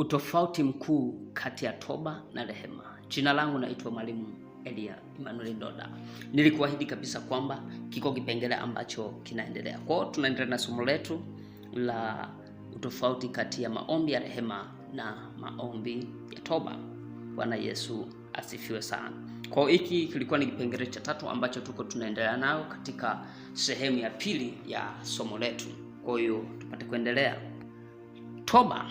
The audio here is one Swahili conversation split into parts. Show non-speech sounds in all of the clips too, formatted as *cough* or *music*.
Utofauti mkuu kati ya toba na rehema. Jina langu naitwa Mwalimu Elia Emmanuel Ndoda. Nilikuahidi kabisa kwamba kiko kipengele ambacho kinaendelea. Kwa hiyo tunaendelea na somo letu la utofauti kati ya maombi ya rehema na maombi ya toba. Bwana Yesu asifiwe sana. Kwa hiki kilikuwa ni kipengele cha tatu ambacho tuko tunaendelea nayo katika sehemu ya pili ya somo letu. Kwa hiyo tupate kuendelea. Toba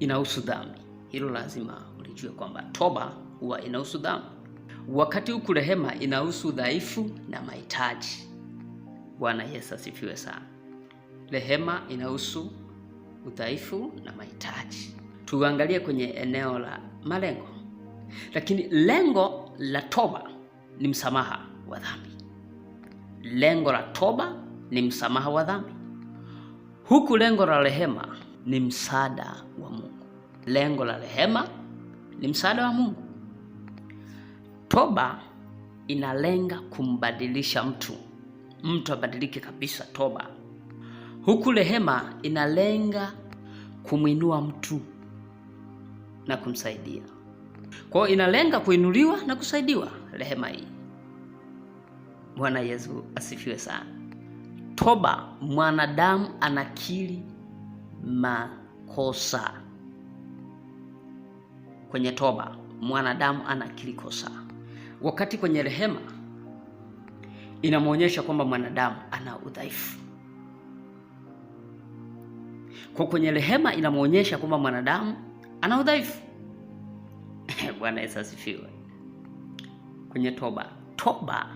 inahusu dhambi. Hilo lazima ulijue kwamba toba huwa inahusu dhambi, wakati huku rehema inahusu dhaifu na mahitaji. Bwana Yesu asifiwe sana. Rehema inahusu udhaifu na mahitaji. Tuangalie kwenye eneo la malengo, lakini lengo la toba ni msamaha wa dhambi. Lengo la toba ni msamaha wa dhambi, huku lengo la rehema ni msaada wa Mungu. Lengo la rehema ni msaada wa Mungu. Toba inalenga kumbadilisha mtu, mtu abadilike kabisa, toba, huku rehema inalenga kumwinua mtu na kumsaidia. Kwa inalenga kuinuliwa na kusaidiwa rehema hii. Bwana Yesu asifiwe sana. Toba, mwanadamu anakili makosa. Kwenye toba mwanadamu ana kilikosa kosa, wakati kwenye rehema inamwonyesha kwamba mwanadamu ana udhaifu. Kwa kwenye rehema inamwonyesha kwamba mwanadamu ana udhaifu. *laughs* Bwana Yesu asifiwe. Kwenye toba, toba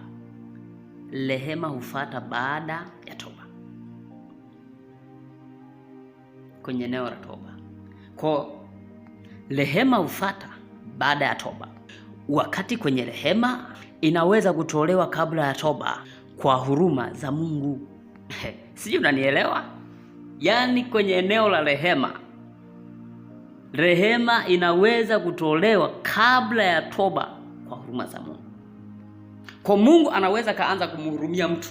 rehema hufata baada kwenye eneo la toba. Kwa rehema hufata baada ya toba, wakati kwenye rehema inaweza kutolewa kabla ya toba kwa huruma za Mungu. *laughs* Sijui unanielewa? Yaani kwenye eneo la rehema, rehema inaweza kutolewa kabla ya toba kwa huruma za Mungu. Kwa Mungu anaweza kaanza kumhurumia mtu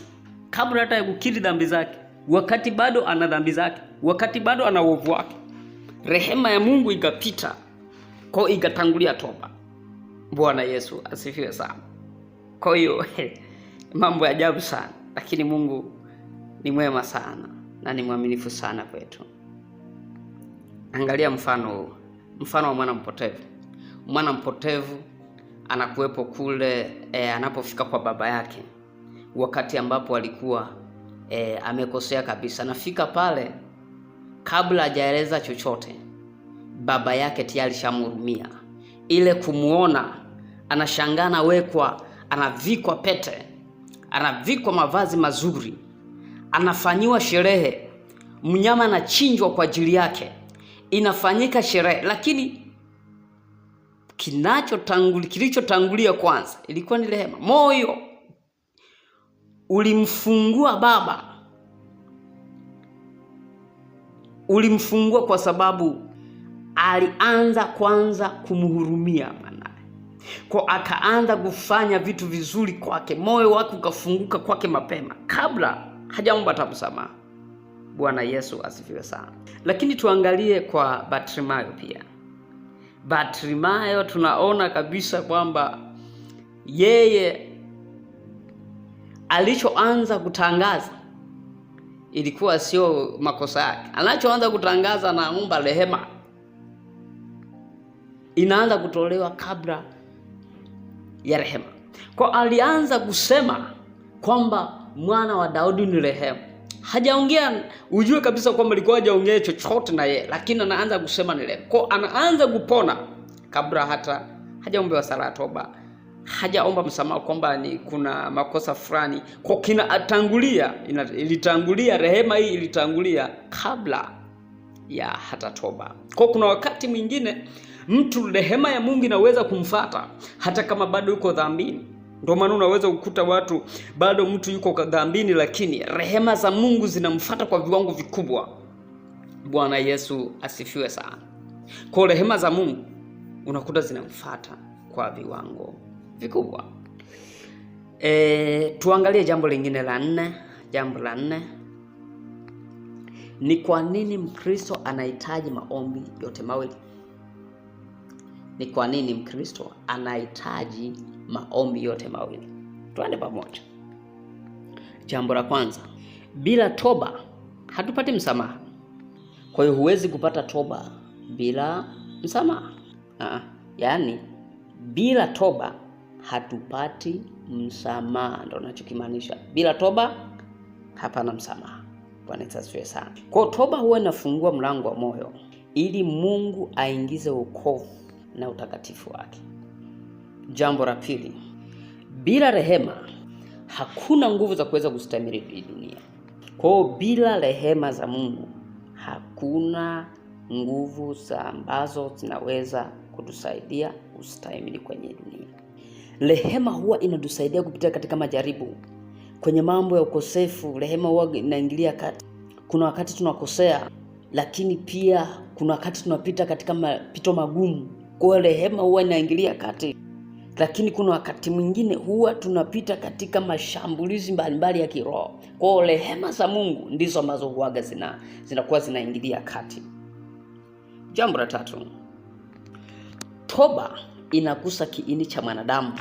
kabla hata ya kukiri dhambi zake wakati bado ana dhambi zake, wakati bado ana uovu wake. Rehema ya Mungu ikapita kwa ikatangulia toba. Bwana Yesu asifiwe sana. Kwa hiyo *laughs* mambo ya ajabu sana, lakini Mungu ni mwema sana na ni mwaminifu sana kwetu. Angalia mfano mfano wa mwana mpotevu. Mwana mpotevu anakuwepo kule e, anapofika kwa baba yake wakati ambapo alikuwa e, amekosea kabisa. Nafika pale kabla hajaeleza chochote, baba yake tayari shamhurumia. Ile kumuona anashangaa, anawekwa, anavikwa pete, anavikwa mavazi mazuri, anafanyiwa sherehe, mnyama anachinjwa kwa ajili yake, inafanyika sherehe, lakini kinachotangulia kilichotangulia kwanza ilikuwa ni rehema, moyo ulimfungua baba, ulimfungua kwa sababu alianza kwanza kumhurumia mwanaye, kwa akaanza kufanya vitu vizuri kwake, moyo wake ukafunguka kwake mapema kabla hajamba msamaha. Bwana Yesu asifiwe sana. Lakini tuangalie kwa Bartimayo pia. Bartimayo tunaona kabisa kwamba yeye alichoanza kutangaza ilikuwa sio makosa yake. Anachoanza kutangaza, naomba rehema, inaanza kutolewa kabla ya rehema. Kwa alianza kusema kwamba mwana wa Daudi ni rehema. Hajaongea, ujue kabisa kwamba alikuwa hajaongea chochote na yeye, lakini anaanza kusema ni rehema. Kwa anaanza kupona kabla hata hajaombewa sala ya toba hajaomba msamaha kwamba ni kuna makosa fulani kwa kina atangulia ilitangulia rehema hii ilitangulia kabla ya hata toba. Kwa kuna wakati mwingine mtu rehema ya Mungu inaweza kumfata hata kama bado yuko dhambini. Ndio maana unaweza kukuta watu bado mtu yuko dhambini, lakini rehema za Mungu zinamfata kwa viwango vikubwa. Bwana Yesu asifiwe sana. Kwa rehema za Mungu unakuta zinamfata kwa viwango vikubwa. E, tuangalie jambo lingine la nne. Jambo la nne ni kwa nini Mkristo anahitaji maombi yote mawili? Ni kwa nini Mkristo anahitaji maombi yote mawili? Tuende pamoja. Jambo la kwanza, bila toba hatupati msamaha. Kwa hiyo huwezi kupata toba bila msamaha. Ah, yaani bila toba hatupati msamaha, ndo nachokimaanisha. Bila toba hapana msamaha. Bwana Yesu sana. Kwa toba huwa inafungua mlango wa moyo ili Mungu aingize ukovu na utakatifu wake. Jambo la pili, bila rehema hakuna nguvu za kuweza kustahimili hii dunia. Kwa bila rehema za Mungu hakuna nguvu za ambazo zinaweza kutusaidia kustahimili kwenye dunia. Rehema huwa inatusaidia kupitia katika majaribu. Kwenye mambo ya ukosefu, rehema huwa inaingilia kati. Kuna wakati tunakosea, lakini pia kuna wakati tunapita katika mapito magumu, kwa rehema huwa inaingilia kati. Lakini kuna wakati mwingine huwa tunapita katika mashambulizi mbalimbali ya kiroho, kwa rehema za Mungu ndizo ambazo huaga zina zinakuwa zinaingilia kati. Jambo la tatu, toba inagusa kiini cha mwanadamu.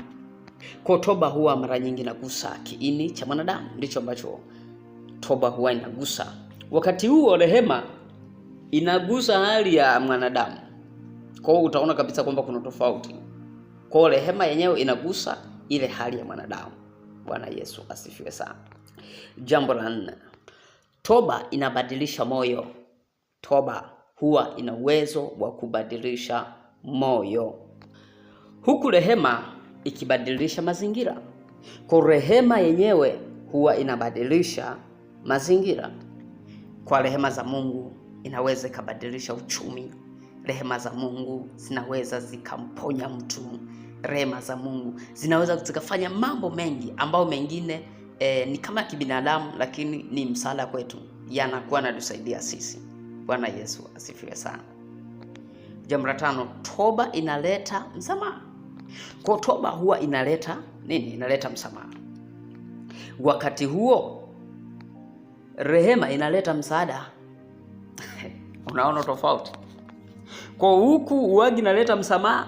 Kwa toba huwa mara nyingi inagusa kiini cha mwanadamu, ndicho ambacho toba huwa inagusa. Wakati huo rehema inagusa hali ya mwanadamu. Kwa hiyo utaona kabisa kwamba kuna tofauti. Kwa hiyo rehema yenyewe inagusa ile hali ya mwanadamu. Bwana Yesu asifiwe sana. Jambo la nne, toba inabadilisha moyo. Toba huwa ina uwezo wa kubadilisha moyo huku rehema ikibadilisha mazingira. Kwa rehema yenyewe huwa inabadilisha mazingira. Kwa rehema za Mungu inaweza ikabadilisha uchumi. Rehema za Mungu zinaweza zikamponya mtu. Rehema za Mungu zinaweza zikafanya mambo mengi ambayo mengine e, ni kama kibinadamu, lakini ni msaada kwetu, yanakuwa natusaidia sisi. Bwana Yesu asifiwe sana. Jambo la tano, toba inaleta msamaha. Kwa toba huwa inaleta nini? Inaleta msamaha. Wakati huo rehema inaleta msaada. *laughs* Unaona tofauti? Kwa huku uwagi inaleta msamaha,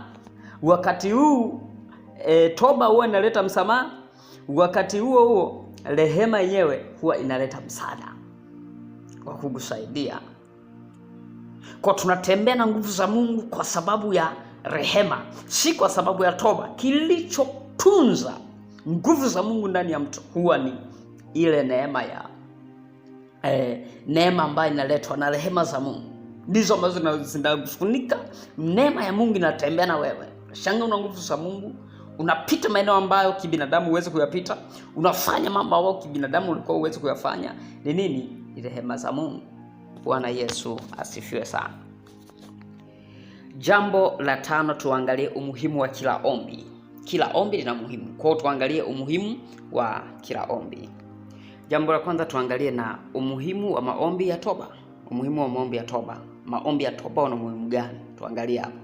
wakati huu e, toba huwa inaleta msamaha, wakati huo huo rehema yenyewe huwa inaleta msaada wa kukusaidia. Kwa tunatembea na nguvu za Mungu kwa sababu ya rehema, si kwa sababu ya toba. Kilichotunza nguvu za Mungu ndani ya mtu huwa ni ile neema ya eh, neema ambayo inaletwa na rehema za Mungu ndizo ambazo zinakufunika. Neema ya Mungu inatembea na wewe, shanga una nguvu za Mungu, unapita maeneo ambayo kibinadamu huwezi kuyapita, unafanya mambo ambayo kibinadamu ulikuwa huwezi kuyafanya. Ni nini? Ni rehema za Mungu. Bwana Yesu asifiwe sana. Jambo la tano, tuangalie umuhimu wa kila ombi. Kila ombi lina muhimu, kwa hiyo tuangalie umuhimu wa kila ombi. Jambo la kwanza, tuangalie na umuhimu wa maombi ya toba. Umuhimu wa maombi ya toba, maombi ya toba una umuhimu gani? Tuangalie hapo.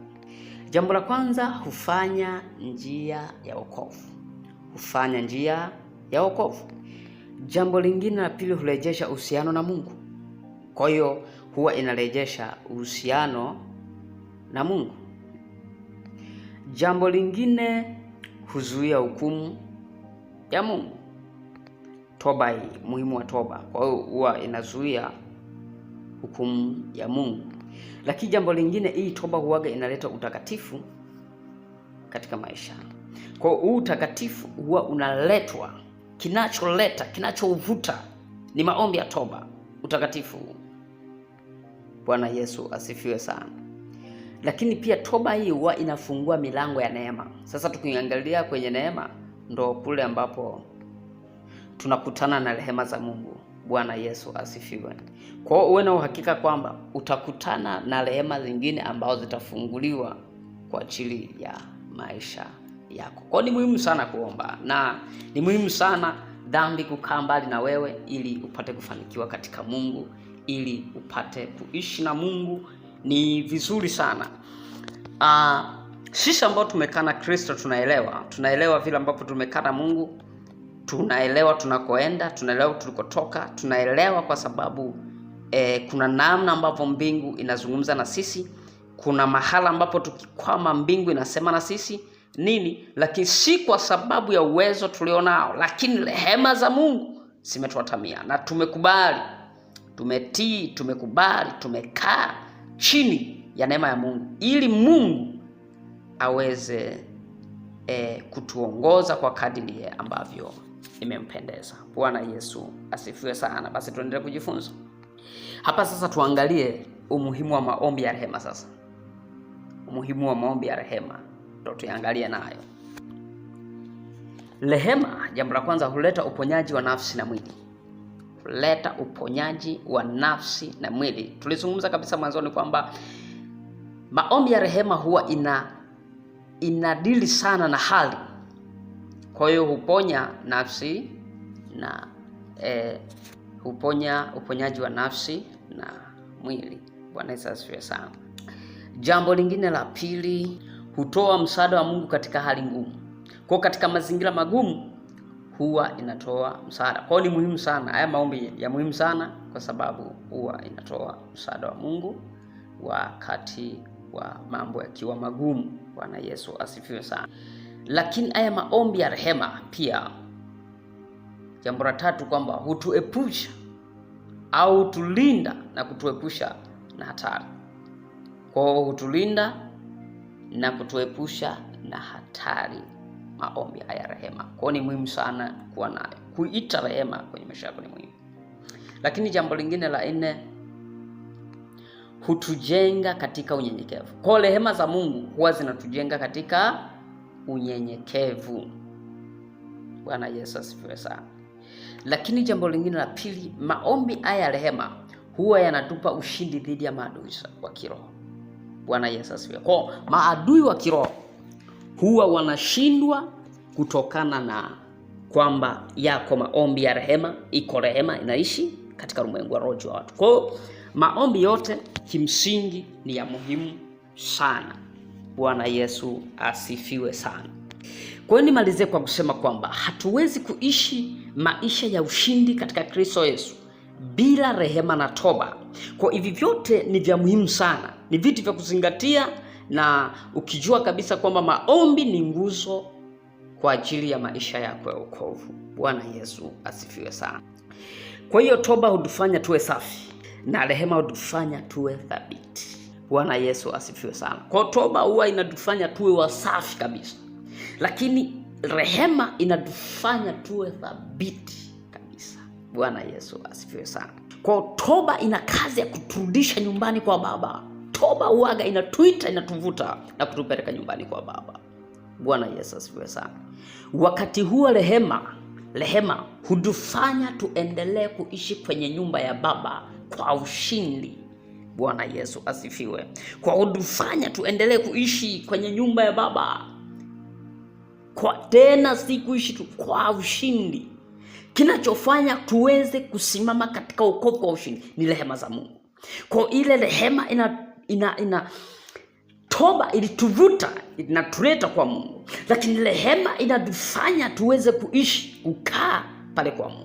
Jambo la kwanza, hufanya njia ya wokovu, hufanya njia ya wokovu. Jambo lingine la pili, hurejesha uhusiano na Mungu. Kwa hiyo huwa inarejesha uhusiano na Mungu. Jambo lingine huzuia hukumu ya Mungu. Toba hii, muhimu wa toba, kwa hiyo huwa inazuia hukumu ya Mungu. Lakini jambo lingine, hii toba huwaga inaleta utakatifu katika maisha. Kwa hiyo huu utakatifu huwa unaletwa, kinacholeta kinachovuta ni maombi ya toba, utakatifu. Bwana Yesu asifiwe sana. Lakini pia toba hii huwa inafungua milango ya neema. Sasa tukiangalia kwenye neema, ndo kule ambapo tunakutana na rehema za Mungu. Bwana Yesu asifiwe. Kwa hiyo uwe na uhakika kwamba utakutana na rehema zingine ambazo zitafunguliwa kwa ajili ya maisha yako. kwao ni muhimu sana kuomba na ni muhimu sana dhambi kukaa mbali na wewe, ili upate kufanikiwa katika Mungu, ili upate kuishi na Mungu ni vizuri sana. Uh, sisi ambao tumekaa na Kristo tunaelewa, tunaelewa vile ambavyo tumekaa na Mungu, tunaelewa tunakoenda, tunaelewa tulikotoka, tunaelewa kwa sababu eh, kuna namna ambavyo mbingu inazungumza na sisi, kuna mahala ambapo tukikwama mbingu inasema na sisi nini, lakini si kwa sababu ya uwezo tulionao, lakini rehema za Mungu zimetuatamia na tumekubali, tumetii, tumekubali, tumekaa chini ya neema ya Mungu ili Mungu aweze e, kutuongoza kwa kadiri ambavyo imempendeza. Bwana Yesu asifiwe sana. Basi tuendelee kujifunza hapa sasa, tuangalie umuhimu wa maombi ya rehema. Sasa umuhimu wa maombi ya rehema ndio tuangalie nayo. Rehema, jambo la kwanza, huleta uponyaji wa nafsi na mwili kuleta uponyaji wa nafsi na mwili. Tulizungumza kabisa mwanzoni kwamba maombi ya rehema huwa ina inadili sana na hali, kwa hiyo huponya nafsi na eh, huponya uponyaji wa nafsi na mwili. Bwana Yesu asifiwe sana. Jambo lingine la pili, hutoa msaada wa Mungu katika hali ngumu. Kwa katika mazingira magumu huwa inatoa msaada. Kwa hiyo ni muhimu sana haya maombi ya muhimu sana, kwa sababu huwa inatoa msaada wa Mungu wakati wa mambo yakiwa magumu. Bwana Yesu asifiwe sana. Lakini haya maombi ya rehema pia, jambo la tatu, kwamba hutuepusha au hutulinda na kutuepusha na hatari. Kwa hiyo hutulinda na kutuepusha na hatari maombi haya rehema. Kwao ni muhimu sana kuwa nayo, kuita rehema kwenye maisha yako ni muhimu. Lakini jambo lingine la nne, hutujenga katika unyenyekevu. Kwao rehema za Mungu huwa zinatujenga katika unyenyekevu. Bwana Yesu asifiwe sana. Lakini jambo lingine la pili, maombi haya rehema huwa yanatupa ushindi dhidi ya maadui wa kiroho. Bwana Yesu asifiwe. Kwao maadui wa kiroho huwa wanashindwa kutokana na kwamba yako maombi ya rehema, iko rehema inaishi katika ulimwengu wa roho wa watu. Kwa maombi yote kimsingi ni ya muhimu sana. Bwana Yesu asifiwe sana. Kwa nimalizie kwa kusema kwamba hatuwezi kuishi maisha ya ushindi katika Kristo Yesu bila rehema na toba. Kwa hivi vyote ni vya muhimu sana, ni vitu vya kuzingatia na ukijua kabisa kwamba maombi ni nguzo kwa ajili ya maisha yako ya ukovu Bwana Yesu asifiwe sana. Kwa hiyo toba hutufanya tuwe safi na rehema hutufanya tuwe thabiti. Bwana Yesu asifiwe sana. Kwa toba huwa inatufanya tuwe wasafi kabisa, lakini rehema inatufanya tuwe thabiti kabisa. Bwana Yesu asifiwe sana. Kwa toba ina kazi ya kuturudisha nyumbani kwa Baba toba uaga inatuita inatuvuta na kutupeleka nyumbani kwa Baba. Bwana Yesu asifiwe sana. Wakati huo rehema, rehema hutufanya tuendelee kuishi kwenye nyumba ya Baba kwa ushindi. Bwana Yesu asifiwe, kwa hutufanya tuendelee kuishi kwenye nyumba ya Baba kwa tena, si kuishi tu, kwa ushindi. Kinachofanya tuweze kusimama katika ukovu kwa ushindi ni rehema za Mungu. Kwa ile rehema ina ina, ina toba ilituvuta inatuleta kwa Mungu, lakini rehema inatufanya tuweze kuishi kukaa pale kwa Mungu.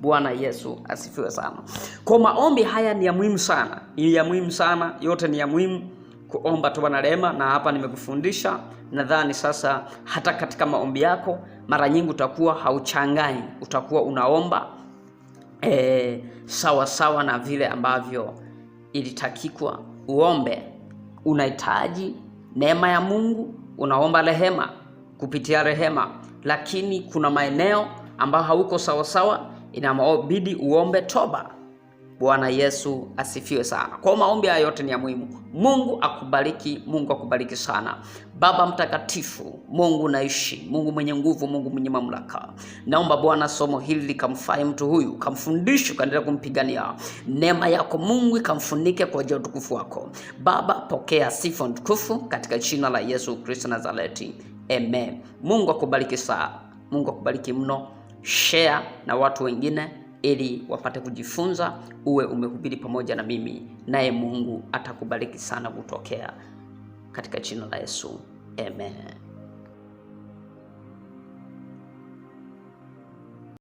Bwana Yesu asifiwe sana. Kwa maombi haya ni ya muhimu sana, ni ya muhimu sana, yote ni ya muhimu kuomba toba na rehema, na hapa nimekufundisha. Nadhani sasa hata katika maombi yako mara nyingi utakuwa hauchanganyi, utakuwa unaomba e, eh, sawa sawa na vile ambavyo ilitakikwa uombe. Unahitaji neema ya Mungu, unaomba rehema kupitia rehema, lakini kuna maeneo ambayo hauko sawasawa, inabidi uombe toba. Bwana Yesu asifiwe sana. Kwa maombi haya yote ni ya muhimu. Mungu akubariki, Mungu akubariki sana. Baba mtakatifu, Mungu naishi Mungu mwenye nguvu, Mungu mwenye mamlaka, naomba Bwana somo hili likamfae mtu huyu, kamfundishe, kaendelea kumpigania. Neema yako Mungu ikamfunike kwa ajili utukufu wako. Baba, pokea sifa tukufu katika jina la Yesu Kristo Nazareti, amen. Mungu akubariki sana, Mungu akubariki mno. Share na watu wengine ili wapate kujifunza, uwe umehubiri pamoja na mimi, naye Mungu atakubariki sana kutokea katika jina la Yesu, amen.